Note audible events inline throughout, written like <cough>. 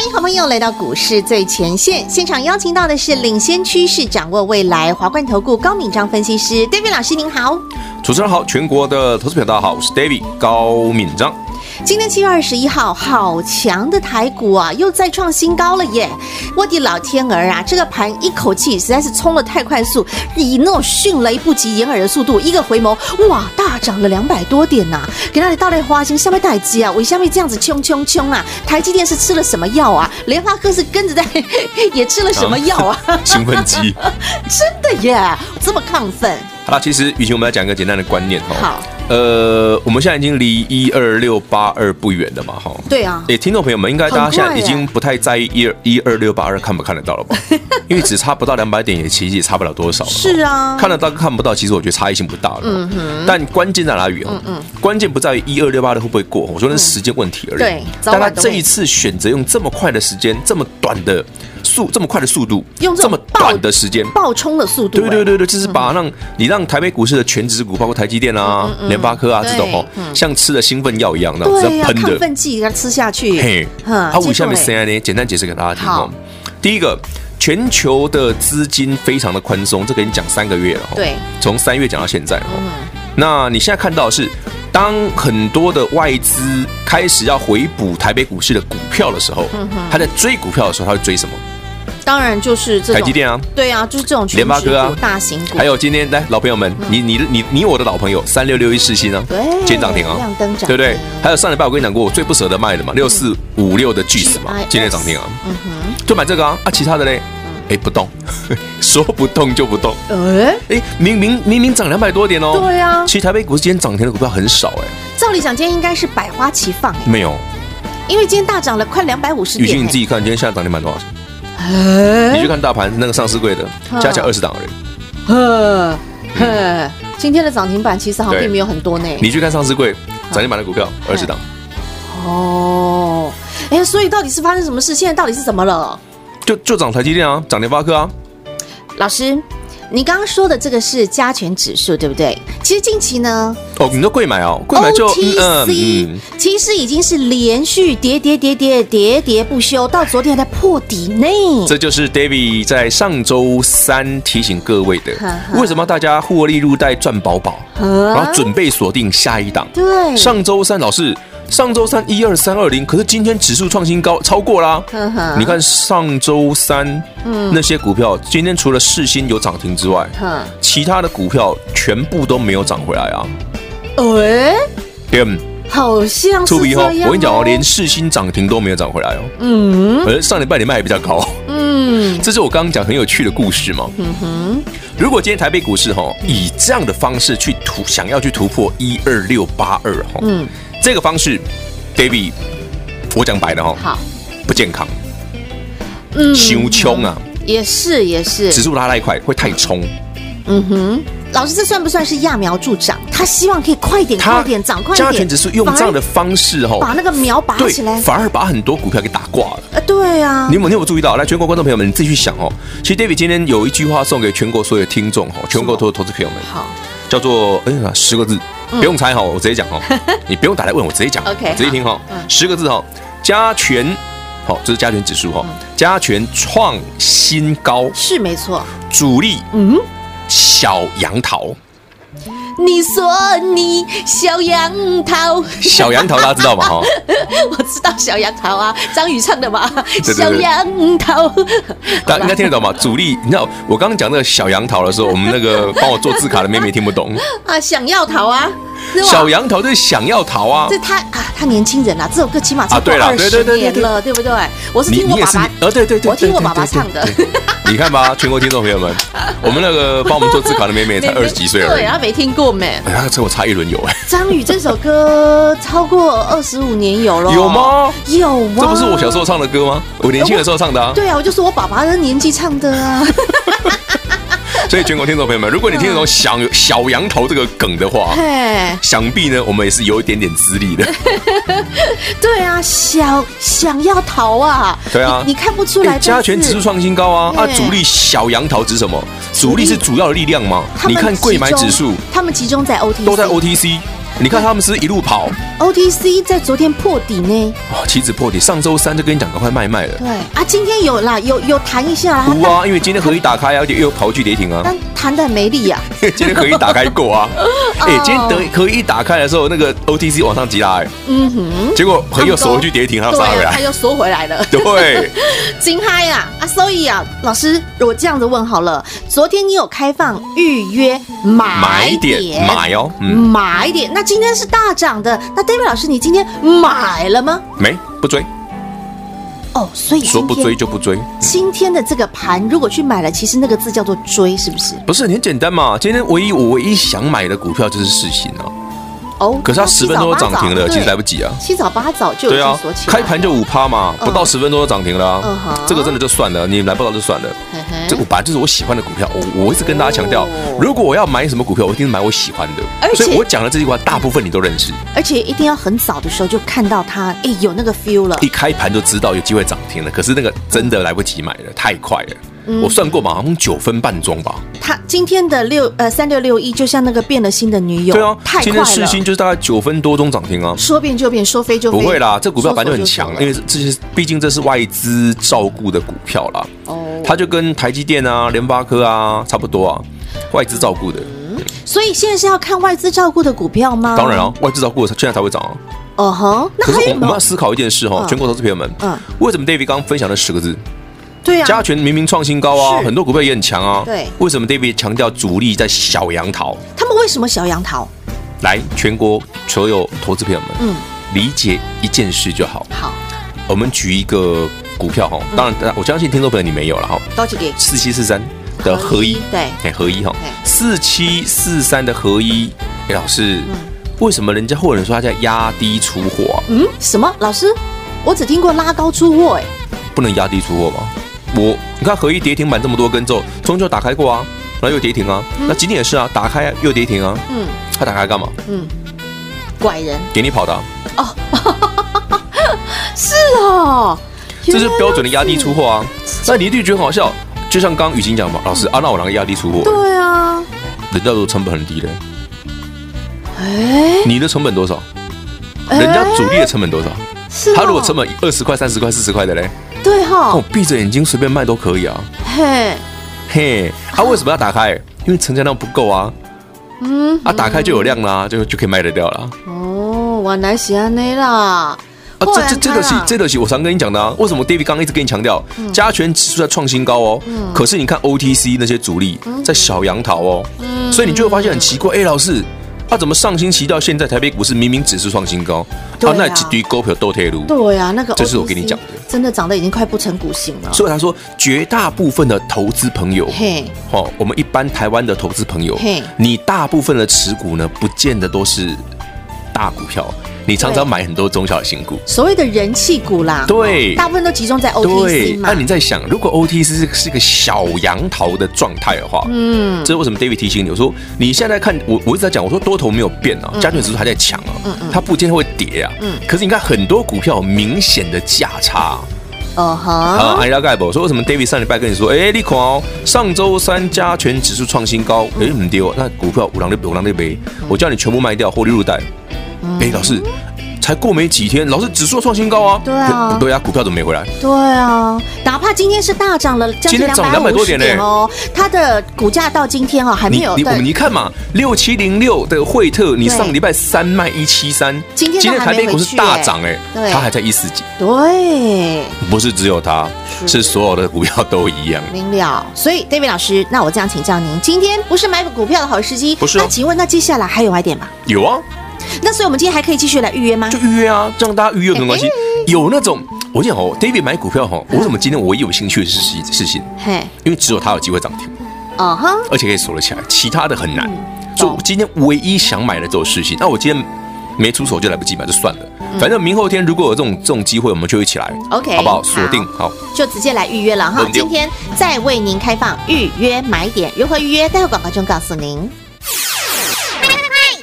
歡迎好朋友來到股市最前線，現場邀請到的是領先趨勢、掌握未來華冠投顧高敏章分析師 David 老師，您好。主持人好，全國的投資票大家好，我是 David 高敏章。今天七月二十一號，好強的台股啊，又再創新高了耶！我的老天兒啊，這個盤一口氣實在是衝了太快速，以那種迅雷不及掩耳的速度，一個回眸，哇，大漲了兩百多點吶！今天到底發生什麼事情啊，為什麼這樣子衝冲衝啊！台積電是吃了什麼藥啊？聯發科是跟着在也吃了什麼藥啊？興奮劑？呵呵 <laughs> 真的耶，這麼亢奮？好了，其實，雨晴我們要講一個簡單的觀念哦。好。呃，我們現在已經離一二六八二不遠了嘛，哈。對啊。也聽眾朋友們，應該大家現在已經不太在意一二一二六八二看不看得到了吧？ <laughs> 因為只差不到兩百點也，也其實也差不了多少了。是啊，看得到看不到，其實我覺得差異性不大了。嗯哼。但關鍵在哪裡？嗯，嗯，關鍵不在於一二六八二會不會過，我覺得那是時間問題而已。嗯，對。但他這一次選擇用這麼快的時間，這麼短的，速這麼快的速度，用這,這麼短的時間爆衝的速度、欸，對對對對，就是把讓、嗯、你讓台北股市的權值股，包括台積電啊、聯、嗯嗯、發科啊這種哦、嗯，像吃了興奮藥一樣，那後在噴的興奮劑，要吃下去。嘿，好，我、啊、五、欸、下面三點呢，簡單解釋給大家聽。哦。第一個，全球的資金非常的寬鬆，這跟你講三個月了，對，從三月講到現在了、嗯。那你現在看到的是，當很多的外資開始要回補台北股市的股票的時候，他、嗯、在追股票的時候，他會追什麼？當然就是這種台積電啊，對啊，就是這種聯發科啊，大型股，還有今天來老朋友們，你你你你，你我的老朋友三六六一四七啊。對，今天漲停啊，對不對，對不對？還有上禮拜我跟你講過，我最不捨得賣的嘛，六四五六的巨石嘛，今天漲停啊，嗯哼，就買這個啊啊，其他的嘞，哎不動， <laughs> 說不動就不動，哎哎明明明明漲兩百多點哦，對啊，其實台北股市今天漲停的股票很少哎，照理講今天應該是百花齊放哎，沒有，因為今天大漲了快兩百五十點，雨欣你自己看，今天現在漲停板多少？你去看大盤那個上市櫃的，加起來二十檔而已。今天的漲停板其實好像並沒有很多呢。你去看上市櫃漲停板的股票，二十檔。哦，哎、欸，所以到底是發生什麼事？現在到底是怎麼了？就就漲台積電啊，漲聯發科啊。老師。你剛剛說的這個是加權指數，對不對？其實近期呢，哦，你說櫃買哦，櫃買就嗯嗯，其實已經是連續跌跌跌跌跌跌不休，到昨天還在破底內。這就是 David 在上周三提醒各位的，為什麼大家獲利入袋賺飽飽，然後準備鎖定下一檔？對，上周三老師。上周三一二三二零，1, 2, 3, 2, 0，可是今天指數創新高，超過啦、啊。你看上周三、嗯、那些股票，今天除了世新有漲停之外、嗯，其他的股票全部都沒有漲回來啊。對。喂、欸、m、嗯、好像是這樣、啊。我跟你講哦、啊，連世新漲停都沒有漲回來哦。嗯，上禮拜你賣的比較高。嗯，這是我剛剛講很有趣的故事嘛。嗯哼，如果今天台北股市哈，以這樣的方式去突想要去突破一二六八二哈。嗯。這個方式，David，我講白了哦，好，不健康，嗯，太衝啊，也是也是，指數拉那一塊會太衝，嗯哼，老師，這算不算是揠苗助長？他希望可以快點快點漲，長快點，加權指數用這樣的方式哦，把那個苗拔起來，反而把很多股票給打掛了，呃，對啊，你們有，有，有沒有注意到？來，全國觀眾朋友們，你自己去想哦。其實 David 今天有一句話送給全國所有的聽眾，全國所有、哦、投資朋友們，好，叫做哎呀十個字。嗯、不用猜哈，我直接講哈，你不用打來問我直接講，你、okay, 直接聽哈，十個字哈，加權，好，這、就是加權指數哈，加權創新高是沒錯，主力嗯，小楊桃。你說你小楊桃，小楊桃，大家知道嗎？哦、 <laughs> 我知道小楊桃啊，張宇唱的嘛。對對對小楊桃，大家應該聽得懂吧？主力，你知道我剛剛講那個小楊桃的時候，我們那個幫我做字卡的妹妹聽不懂啊，想要逃啊，小楊桃就是想要逃啊。這他啊，他年輕人啊，這首歌起碼唱二十年了，對對對對對對，對不對？我是聽過爸爸，呃、啊，對對對，對，我聽過爸爸唱的。你看吧，全國聽眾朋友們， <laughs> 我們那個幫我們做字卡的妹妹才二十幾歲了，對，她沒聽過。哎，這我差一輪有哎。張宇這首歌超過二十五年有咯？有嗎？有嗎、啊？這不是我小時候唱的歌嗎？我年輕的時候唱的啊。啊。對啊，我就是我爸爸的年紀唱的啊。 <laughs> <laughs> 所以全國聽眾朋友們，如果你聽得懂“小小楊桃”這個梗的話，想必呢，我們也是有一點點資歷的。對啊，小想要逃啊！對啊，你看不出來。加權指數創新高啊！那主力小楊桃指什麼？主力是主要的力量嘛？你看櫃買指數，他們集中在 OTC，都在 OTC。你看他們是，是一路跑，OTC 在昨天破底呢，哦，期指破底，上周三就跟你講趕快賣賣了，對，啊，今天有啦，有有彈一下、啊，無啊，因為今天可以打開而、啊、且又跑去跌停啊，但彈的很沒力啊，今天可以打開過啊，哎、 <laughs> 欸，今天可以一打開的時候，那個 OTC 往上急拉，嗯哼，結果朋友縮回去跌停，它、嗯、殺、嗯嗯嗯、回來，他又縮回來了，對，驚 <laughs> 嗨啦、啊，啊，所以啊，老師，我這樣子問好了，昨天你有開放預約買點，買，一點買哦、嗯、買一點那。今天是大漲的，那戴 d 老師，你今天買了嗎？沒，不追。哦、oh，所以說不追就不追。今天的這個盤，如果去買了，其實那個字叫做追，是不是？不是，很簡單嘛。今天唯一我唯一想買的股票就是事情啊。哦早早，可是它十分鐘都漲停了、哦早早，其實來不及啊。七早八早就對啊，開盤就五趴嘛、嗯，不到十分鐘就漲停了、啊嗯嗯。這個真的就算了，你來不到就算了。嘿嘿這本來就是我喜歡的股票，哦、我我一直跟大家強調、哦，如果我要買什麼股票，我一定是買我喜歡的而且。所以我講的這句話，大部分你都認識。而且一定要很早的時候就看到它，哎，有那個 feel 了。一開盤就知道有機會漲停了，可是那個真的來不及買了，太快了。嗯、我算過嘛，馬上九分半鐘吧。他今天的六呃三六六一就像那個變了心的女友，對啊，太快了。今天世芯就是大概九分多鐘漲停啊。說變就變，說飛就飛。不會啦，這股票反正就很強，因為這些畢竟這是外資照顧的股票啦。哦，它就跟台積電啊、聯發科啊差不多啊，外資照顧的、嗯。所以現在是要看外資照顧的股票嗎？當然啊，外資照顧現在才會漲、啊。哦吼，那有有我們要思考一件事哈、哦嗯，全國投資朋友們，嗯，為什麼 David 剛剛分享了十個字？對啊，加權明明創新高啊，很多股票也很強啊。對，為什麼 David 強調主力在小楊桃？他們為什麼小楊桃？來，全國所有投資朋友們，嗯，理解一件事就好。好，我們舉一個股票哈、嗯，當然我相信聽眾朋友你沒有了哈，到這給四七四三的合一，對，哎合一哈，四七四三的合一，哎、哦欸、老師、嗯，為什麼人家後人說他在壓低出貨、啊？嗯，什麼老師？我只聽過拉高出貨，哎，不能壓低出貨嗎？我，你看合一跌停板這麼多根，之後，中秋打開過啊，然後又跌停啊，嗯、那今天也是啊，打開又跌停啊，嗯，他打開幹嘛？嗯，拐人，給你跑的、啊。哦， <laughs> 是哦，這是標準的壓低出貨啊。那你一定覺得很好笑，就像剛剛雨晴講嘛，老師、嗯、啊，那我拿個壓低出貨。對啊，人家都成本很低嘞，誒、欸，你的成本多少、欸？人家主力的成本多少？哦、他如果成本二十塊、三十塊、四十塊的嘞？對哈，那我閉着眼睛隨便賣都可以啊。嘿，嘿，他為什麼要打開？因為成交量不夠啊。嗯，啊，打開就有量啦，啊，就就可以賣得掉了。哦，原來喜歡你啦。啊，這這這個是這個是我常跟你講的啊。為什麼 David 剛剛一直跟你強調加權指數在創新高哦？可是你看 OTC 那些主力在小楊桃哦，所以你就會發現很奇怪。哎，老師。他、啊、怎麼上星期到現在台北股市明明只是創新高？他那幾堆股票都退路，對、啊。對呀，那個這是我跟你講的、啊，那個、斯斯斯真的漲得已經快不成股性了、嗯。所以他說，絕大部分的投資朋友，嘿、哦，我們一般台灣的投資朋友，嘿，你大部分的持股呢，不見得都是大股票。你常常買很多中小型股，所謂的人氣股啦，對、哦，大部分都集中在 OTC 對，那你在想，如果 OTC 是是一個小楊桃的狀態的話，嗯，這是為什麼 David 提醒你？我說你現在，在看我，我一直在講，我說多頭沒有變啊，加權指數還在強啊，嗯，嗯，它不一定會跌啊，嗯，可是你看很多股票有明顯的價差，哦哈，啊，阿拉蓋伯說，uh -huh. 啊、為什麼 David 上禮拜跟你說，哎、uh -huh. 欸，利空哦，上周三加權指數創新高，很低哦。那股票五浪的五浪六杯，uh -huh. 我叫你全部賣掉，獲利入袋。哎、欸，老師，才過沒幾天，老師指數創新高啊！對啊，對啊，股票怎麼沒回來？對啊，哪怕今天是大漲了，今天漲兩百多點嘞、欸、哦，它的股價到今天啊還沒有。你，你我們你看嘛，六七零六的惠特，你上禮拜三賣一七三，今天台北股市是大漲哎，它還在一四幾。對，不是只有它是，是所有的股票都一樣。明了，所以 David 老師，那我這樣請教您，今天不是買股票的好時機，不是、哦？那、啊、請問，那接下來還有買點嗎？有啊。那所以我們今天還可以繼續來預約嗎？就預約啊，這樣大家預約嘿嘿沒關係。有那種，我講哦，David 買股票哈，我怎麼今天唯一有興趣的是事事情？嘿，因為只有他有機會漲停，哦哈，而且可以鎖得起來，其他的很難。嗯、所以我今天唯一想買的這種事情，那我今天沒出手就來不及買就算了、嗯，反正明後天如果有這種這種機會，我們就一起來，OK、嗯、好不好？鎖定好,好,好，就直接來預約了哈。嗯、今天再為您開放預約買點，如何預約？待會廣告中告訴您。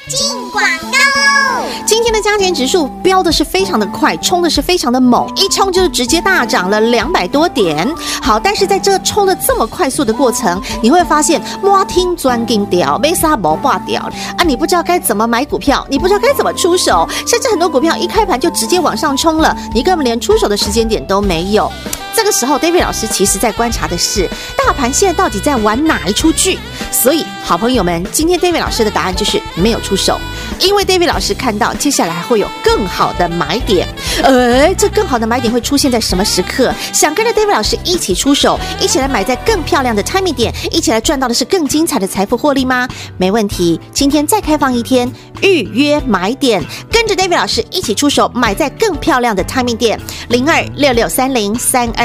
進廣告。今天的加權指數飆的是非常的快，衝的是非常的猛，一衝就是直接大漲了兩百多點。好，但是在這個衝的這麼快速的過程，你會發現摸聽鑽金屌，被啥毛掛屌啊！你不知道該怎麼買股票，你不知道該怎麼出手，甚至很多股票一開盤就直接往上衝了，你根本連出手的時間點都沒有。這個時候，David 老師其實在觀察的是大盤現在到底在玩哪一出劇。所以，好朋友們，今天 David 老師的答案就是沒有出手，因為 David 老師看到接下來會有更好的買點。哎，這更好的買點會出現在什麼時刻？想跟着 David 老師一起出手，一起來買在更漂亮的 timing 點，一起來賺到的是更精彩的財富獲利嗎？沒問題，今天再開放一天預約買點，跟着 David 老師一起出手，買在更漂亮的 timing 點，零二六六三零三二。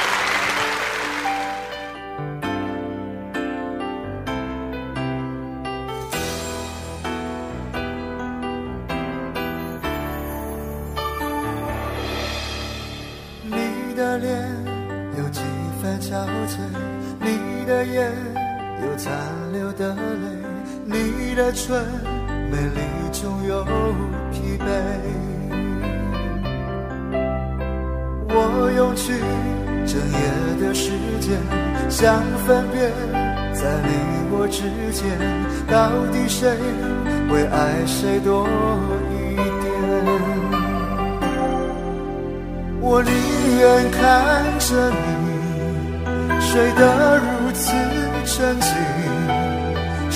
唇美麗中有疲憊。我用去整夜的時間，想分辨在你我之間，到底誰會愛誰多一點。我寧願看着你睡得如此沉靜。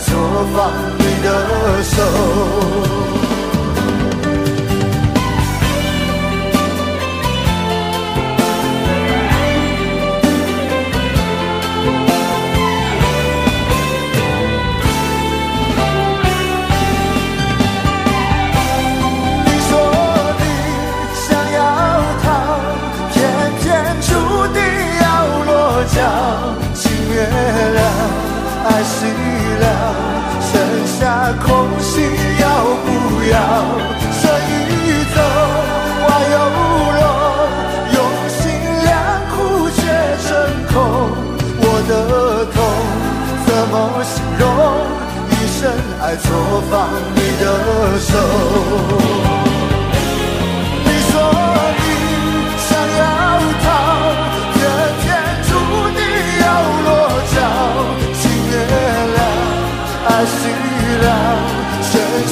說放你的手。用心要不要？春已走，花又落，用心良苦卻成空。我的痛怎麼形容？一生愛錯放你的手。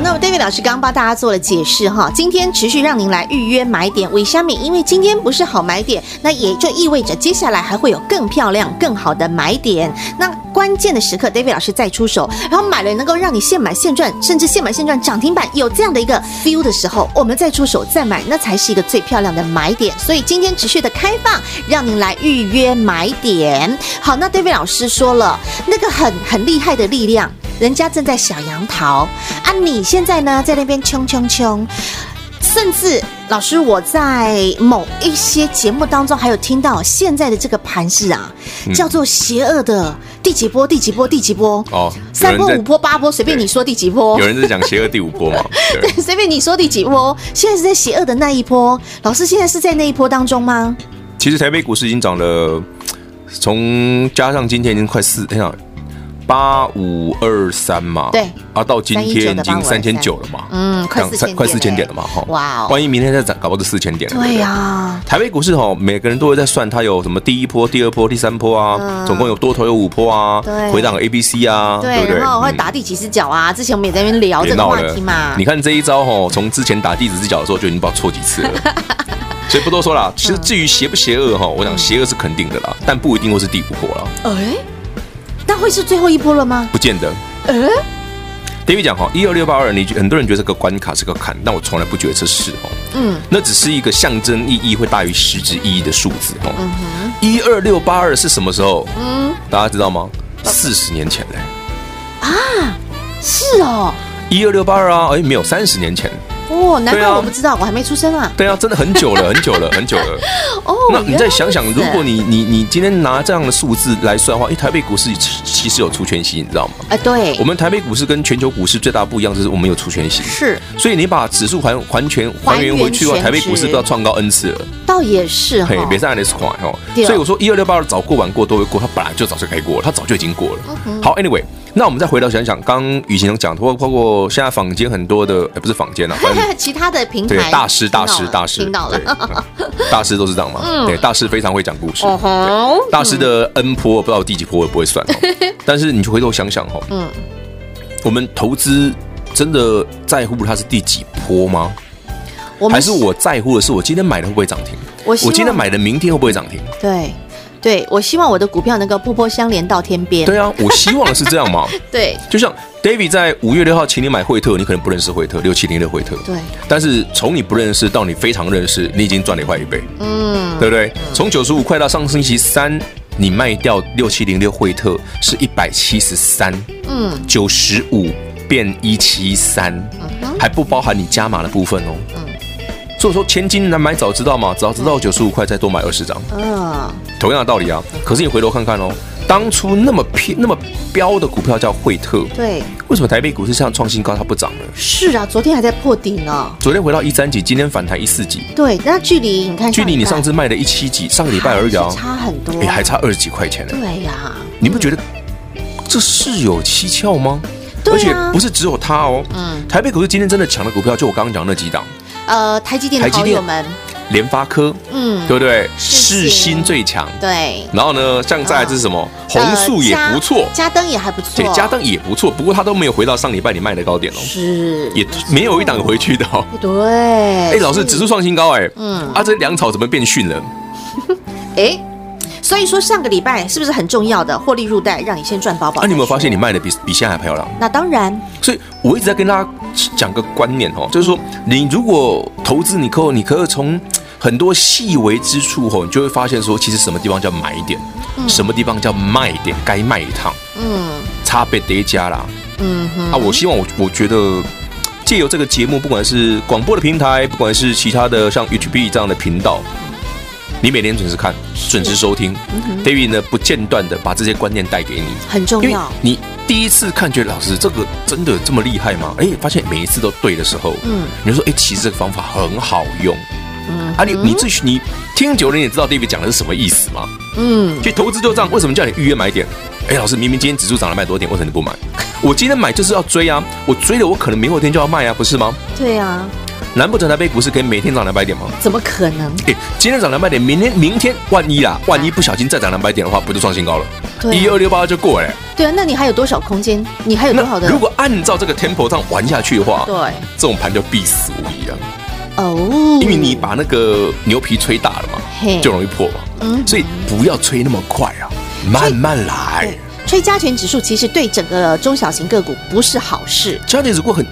那麼 David 老師剛剛幫大家做了解釋哈，今天持續讓您來預約買點，為什麼？因為今天不是好買點，那也就意味着接下來還會有更漂亮、更好的買點。那關鍵的時刻，David 老師再出手，然後買了能夠讓你現買現賺，甚至現買現賺漲停板有這樣的一個 feel 的時候，我們再出手再買，那才是一個最漂亮的買點。所以今天持續的開放，讓您來預約買點。好，那 David 老師說了，那個很很厲害的力量。人家正在小楊桃啊，你現在呢在那邊衝冲衝！甚至老師，我在某一些節目當中還有聽到現在的這個盤勢啊，叫做邪惡的第幾波、第幾波、第幾波哦，三波、五波、八波，隨便你說第幾波。有人在講邪惡第五波嗎？ <laughs> 對，隨便你說第幾波。現在是在邪惡的那一波，老師現在是在那一波當中嗎？其實台北股市已經漲了，從加上今天已經快四天了。哎八五二三嘛，對，啊，到今天已經三千九了嘛，嗯，快四、欸、快四千點了嘛。哈，哇、wow、哦！萬一明天再漲，搞不好四千點了。對呀、啊，台北股市吼，每個人都會在算它有什麼第一波、第二波、第三波啊，嗯、總共有多頭有五波啊，回檔 A、啊、B、C 啊，對不對？對然後還打第幾隻腳啊、嗯，之前我們也在那邊聊這個話題嘛。欸、你看這一招吼，從之前打第幾隻腳的時候就已經不知道錯幾次了， <laughs> 所以不多說了。其實至於邪不邪惡哈，我講邪惡是肯定的啦、嗯，但不一定會是第五波了。哎、欸。會是最後一波了嗎？不見得。嗯、欸。David 講哈、哦，一二六八二，你覺很多人覺得這個關卡是個坎，但我從來不覺得這是哦。嗯，那只是一個象徵意義會大於實質意義的數字哦。一二六八二是什麼時候？嗯，大家知道嗎？啊、四十年前嘞。啊，是哦。一二六八二啊，哎，沒有，三十年前。哇、哦，難怪我不知道、啊，我還沒出生啊。對啊，真的很久了，很久了，很久了。哦、 <laughs> oh,，那你再想想，如果你你你今天拿這樣的數字來算的話、欸，台北股市其實有除權息，你知道嗎？哎，對，我們台北股市跟全球股市最大不一樣就是我們有除權息。是，所以你把指數還還全還原回去的話，台北股市都要創高 n 次了。倒也是哈，別上安利款哦。所以我說，一二六八二早過晚過都會過，他本來就早就該過了，它早就已經過了。嗯、好，Anyway。那我們再回頭想想，剛雨晴講，的包括現在坊間很多的，欸、不是坊間有、啊、 <laughs> 其他的平台大師，大師，大師，聽到了，大師，大師、嗯、大師都是這樣嗎？嗯？對，大師非常會講故事、嗯。大師的 N 波，不知道第幾波我會不會算、嗯。但是你去回頭想想哈、嗯，我們投資真的在乎它是第幾波嗎？還是我在乎的是我今天買的會不會漲停？我我今天買的明天會不會漲停？對。對，我希望我的股票能夠步波相連到天邊。對啊，我希望是這樣嘛。 <laughs> 對，就像 David 在五月六號請你買惠特，你可能不認識惠特，六七零六惠特。對。但是從你不認識到你非常認識，你已經賺了一快一倍。嗯。對不對？從九十五塊到上星期三，你賣掉六七零六惠特是一百七十三。嗯。九十五變一七三，還不包含你加碼的部分哦。嗯。所以說，千金難買早知道嘛，早知道九十五塊，再多買二十張。嗯，同樣的道理啊。可是你回頭看看哦，當初那麼偏那麼飆的股票叫惠特，對。為什麼台北股市像創新高它不漲呢？是啊，昨天還在破頂呢。昨天回到一三幾，今天反彈一四幾。對，那距離你看，看，距離你上次賣的一七幾，上個禮拜而已啊。差很多。哎，欸，還差二十幾塊錢呢，啊。對呀，啊，你不覺得這是有蹊蹺嗎？對，啊，而且不是只有它哦。嗯。台北股市今天真的強的股票，就我剛剛講的那幾檔。呃，台積電的好友們，聯發科，嗯，對不對？是世新最強，對。然後呢，像再就是什麼、哦，紅素也不錯，呃、加登也還不錯，對，加登也不錯。不過他都沒有回到上禮拜你賣的高點哦。是，也沒有一檔回去的哦。哦對，哎，老師，指數創新高哎，嗯，啊，這糧草怎麼變遜了？哎、嗯， <laughs> 所以說上個禮拜是不是很重要的獲利入袋，讓你先賺飽飽？那、啊、你有沒有發現你賣的比比現在還漂亮？那當然。所以我一直在跟大家。講個觀念哦，就是說，你如果投資，你可，你可以從很多細微之處吼，你就會發現說，其實什麼地方叫買點，什麼地方叫賣點，該賣一趟，嗯，差別疊加啦，嗯，啊，我希望我我覺得借由這個節目，不管是廣播的平台，不管是其他的像 HB 這樣的頻道。你每天準時看，準時收聽、嗯、，David 呢，不間斷的把這些觀念帶給你，很重要。因為你第一次看覺得老師這個真的這麼厲害嗎？哎、欸，發現每一次都對的時候，嗯，你就說哎、欸，其實這個方法很好用，嗯，啊，你，你你自己你聽久了你也知道 David 講的是什麼意思嗎？嗯，其實投資就這樣，為什麼叫你預約買一點？哎、欸，老師明明今天指數漲了百多點，為什麼你不買？ <laughs> 我今天買就是要追啊，我追了我可能明後天就要賣啊，不是嗎？對呀、啊。難不成台杯，不是可以每天漲兩百點嗎？怎麼可能？欸、今天漲兩百點，明天明天萬一啊，萬一不小心再漲兩百點的話，不就創新高了？對，一二六八就過哎。對啊，那你還有多少空間？你還有多少的？如果按照這個 tempo 這樣玩下去的話，對，這種盤就必死無疑啊。哦、oh，因為你把那個牛皮吹大了嘛，嘿、oh，就容易破了嘛。嗯、mm -hmm.，所以不要吹那麼快啊，慢慢來。吹加權指數其實對整個中小型個股不是好事。加點如果很。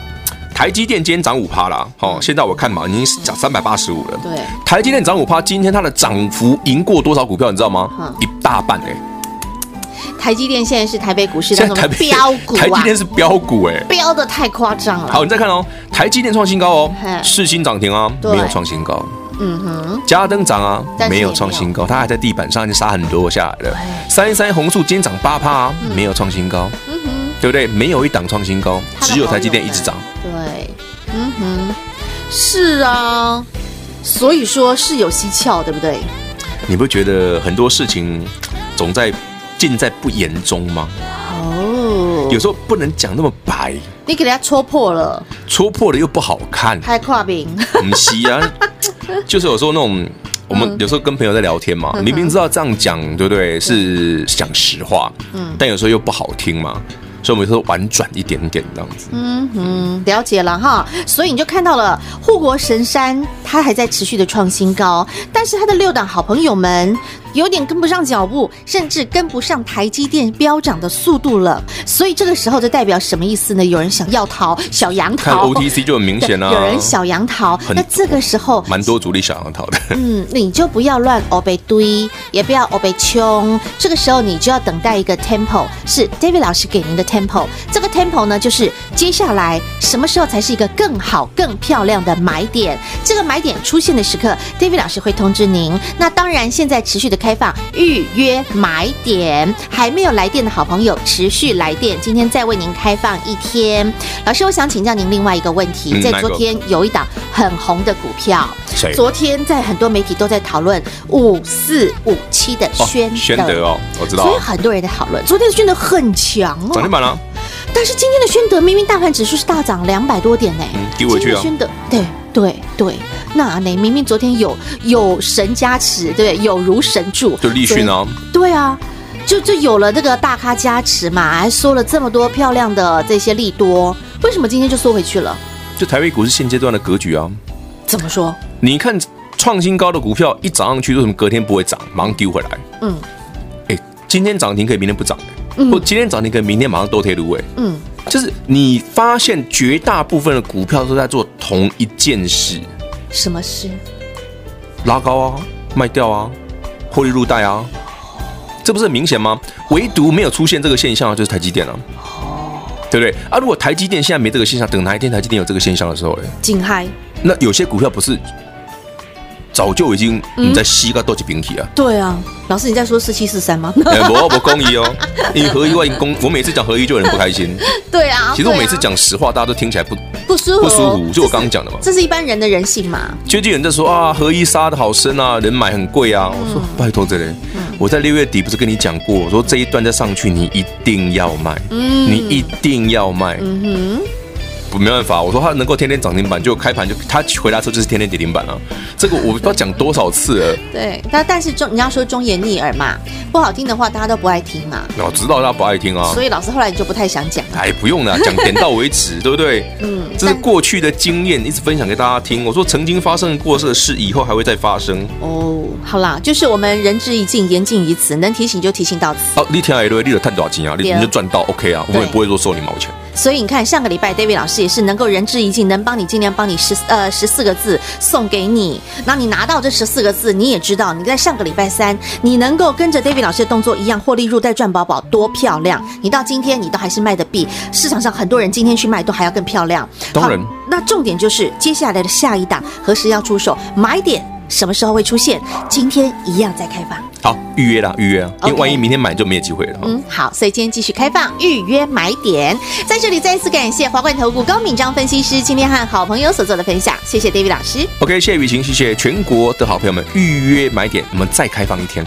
台積電今天漲五趴啦，好、哦，現在我看嘛，已經是漲三百八十五了。對，台積電漲五趴，今天它的漲幅贏過多少股票？你知道嗎？嗯、一大半哎、欸。台積電現在是台北股市的飆股、啊、台積電是飆股哎、欸，飆得太誇張了。好，你再看哦，台積電創新高哦，世芯漲停啊，沒有創新高。嗯哼，嘉登漲啊沒，沒有創新高，它還在地板上就殺很多下來了。三一三一弘塑今天漲八趴，沒有創新高，嗯哼，對不對？沒有一檔創新高、嗯，只有台積電一直漲。是啊，所以說事有蹊蹺，對不對？你不覺得很多事情總在盡在不言中嗎？哦，有時候不能講那麼白，你給人家戳破了，戳破了又不好看，還跨餅不是啊。就是有時候那種，我們有時候跟朋友在聊天嘛，明明知道這樣講，對不對？是講實話，但有時候又不好聽嘛。所以我們就說婉轉一點點這樣子，嗯，嗯哼，了解了哈所以你就看到了護國神山，它還在持續的創新高，但是它的六檔好朋友們，有點跟不上腳步，甚至跟不上台積電飆漲的速度了。所以這個時候就代表什麼意思呢？有人想要逃，小楊桃，看 OTC 就很明顯啊。有人小楊桃，那這個時候蠻多主力小楊桃的。嗯，你就不要亂 O 被堆，也不要 O 被窮，這個時候你就要等待一個 tempo，是 David 老師給您的 tempo。這個 tempo 呢，就是接下來什麼時候才是一個更好、更漂亮的買點？這個買點出現的時刻，David 老師會通知您。那當然，現在持續的看。開放預約買點，還沒有來電的好朋友持續來電。今天再為您開放一天。老師，我想請教您另外一個問題。在昨天有一檔很紅的股票，昨天在很多媒體都在討論五四五七的宣德哦。我知道。所以很多人在討論，昨天的宣德很強哦。但是今天的宣德明明大盤指數是大漲兩百多點呢，欸，今天的宣德，對。對對，那那明明昨天有有神加持，對，有如神助，就立訊啊，對。對啊，就就有了這個大咖加持嘛，還收了這麼多漂亮的這些利多，為什麼今天就收回去了？就台北股市現階段的格局啊。怎麼說？你看創新高的股票一漲上去，為什麼隔天不會漲，馬上丟回來？嗯。哎，今天漲停可以，明天不漲。嗯。不，今天漲停可以，明天馬上倒退嚕。嗯。就是你發現絕大部分的股票都在做同一件事，什麼事？拉高啊，賣掉啊，獲利入袋啊，這不是很明顯嗎？唯獨沒有出現這個現象，就是台積電了，啊，對不對？啊，如果台積電現在沒這個現象，等哪一天台積電有這個現象的時候呢？驚嗨！那有些股票不是？早就已經你在吸個多級瓶器啊？對啊，老師你在說四七四三嗎？哎、欸，我我公一哦，你合一外一公，我每次講合一就有人不開心。 <laughs> 對啊，其實我每次講實話，大家都聽起來不不舒服。不舒服，就我剛剛講的嘛。這是一般人的人性嘛。最近有人在說啊，合一殺得好深啊，人買很貴啊。我說、嗯、拜託，這、嗯、人，我在六月底不是跟你講過，我說這一段再上去，你一定要賣、嗯，你一定要賣。嗯哼，我沒辦法，我說他能夠天天漲停板，結果開盤就開盤就他回答說就是天天跌停板啊。這個我不知道講多少次了，對，對，但但是忠，你要說忠言逆耳嘛，不好聽的話，大家都不愛聽嘛、啊。我知道大家不愛聽啊，所以老師後來你就不太想講。哎，不用了，講點到為止， <laughs> 對不對？嗯，這是過去的經驗，一直分享給大家聽。我說曾經發生過的事、嗯，以後還會再發生。哦，好啦，就是我們仁至義盡，言盡於此，能提醒就提醒到此。哦，你填了對，你賺多少金啊？你就賺到 OK 啊，我們也不會說收你毛錢。所以你看，上個禮拜 David 老師也是能夠仁至義盡，能幫你盡量幫你十呃、十四個字送給你。那你拿到這十四個字，你也知道你在上個禮拜三，你能夠跟着 David 老師的動作一樣，獲利入袋賺飽飽多漂亮！你到今天你都還是賣的比，市場上很多人今天去賣都還要更漂亮。好，那重點就是接下來的下一檔何時要出手，買點什麼時候會出現？今天一樣在開放。好，預約啦，預約啊，Okay. 因為萬一明天買就沒有機會了。嗯，好，所以今天繼續開放預約買點，在這裡再一次感謝華冠投顧高敏章分析師今天和好朋友所做的分享，謝謝 David 老師。OK，謝謝雨晴，謝謝全國的好朋友們，預約買點，我們再開放一天。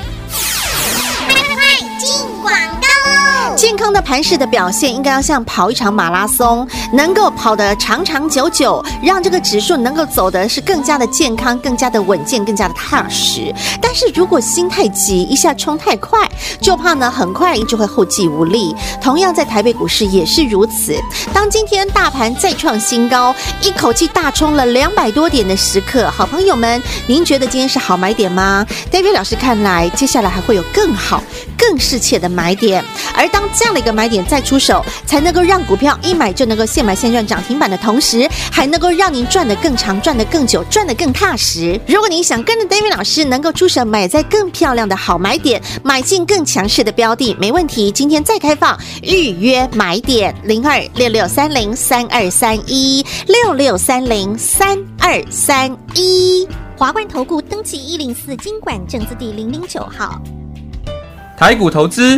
健康的盤勢的表現，應該要像跑一場馬拉松，能夠跑得長長久久，讓這個指數能夠走得是更加的健康、更加的穩健、更加的踏實。但是如果心太急，一下衝太快，就怕呢很快就會後繼無力。同樣在台北股市也是如此。當今天大盤再創新高，一口氣大衝了兩百多點的時刻，好朋友們，您覺得今天是好買點嗎？David 老師看來，接下來還會有更好、更適切的買點，而當，這樣的一個買點再出手，才能夠讓股票一買就能夠現買現賺漲停板的同時，還能夠讓您賺得更長、賺得更久、賺得更踏實。如果你想跟着 David 老師能夠出手買在更漂亮的好買點，買進更強勢的標的，沒問題。今天再開放預約買點：零二六六三零三二三一六六三零三二三一。華冠投顧登記一零四金管證字第零零九號。台股投資。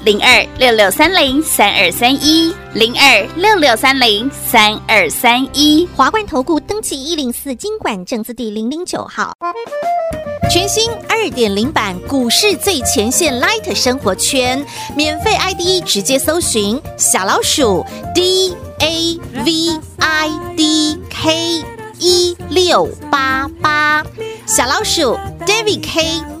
零二六六三零三二三一，零二六六三零三二三一。華冠投顧登記一零四金管證字第零零九號。全新二點零版股市最前線 LINE 生活圈，免費 ID 直接搜尋小老鼠 D A V I D K 一六八八，小老鼠 David K。